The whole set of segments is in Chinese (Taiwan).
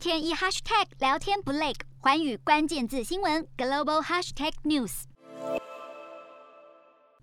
天一 hashtag 聊天不累，寰宇關鍵字新聞 global hashtag news。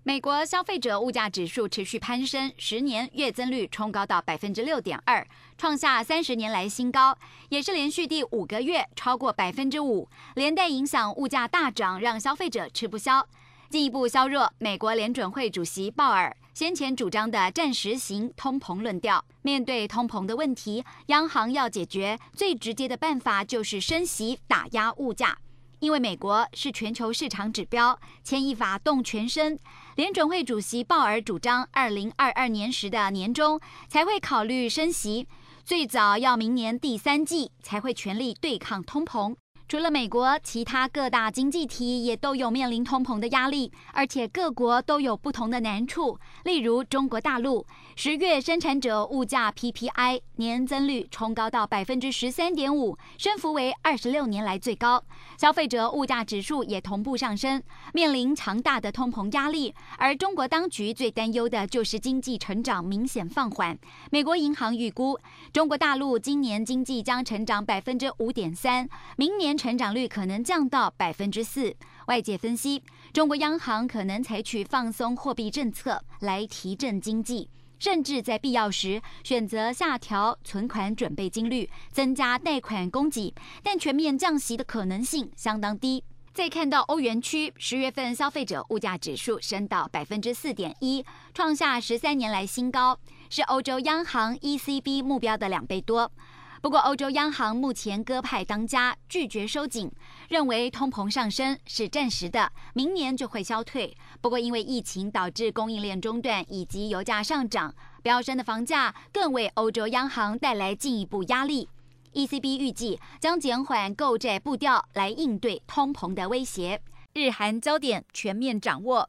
美國消費者物價指數持續攀升，十年月增率衝高到百分之六點二，創下三十年來新高，也是連續第五個月超過百分之五，連帶影響物價大漲，讓消費者吃不消。進一步削弱美國聯準會主席鮑爾先前主張的暫時性通膨論調。面對通膨的問題，央行要解決最直接的辦法就是升息打壓物價。因為美國是全球市場指標，牽一發動全身。聯準會主席鮑爾主張，二零二二年時的年中才會考慮升息，最早要明年第三季才會全力對抗通膨。除了美國，其他各大經濟體也都有面臨通膨的壓力，而且各國都有不同的難處。例如，中國大陸十月生產者物價 PPI 年增率衝高到百分之十三點五，升幅為二十六年來最高；消費者物價指數也同步上升，面臨強大的通膨壓力。而中國當局最擔憂的就是經濟成長明顯放緩。美國銀行預估，中國大陸今年經濟將成長百分之五點三，明年，成長率可能降到百分之四。外界分析，中國央行可能採取放鬆貨幣政策來提振經濟，甚至在必要時選擇下調存款準備金率，增加貸款供給，但全面降息的可能性相當低。再看到歐元區十月份消費者物價指數升到百分之四點一，創下十三年來新高，是歐洲央行 ECB 目標的兩倍多。不過，歐洲央行目前鴿派當家，拒絕收緊，認為通膨上升是暫時的，明年就會消退。不過，因為疫情導致供應鏈中斷以及油價上漲，飆升的房價更為歐洲央行帶來進一步壓力。ECB 預計將減緩購債步調來應對通膨的威脅。日韓焦點全面掌握。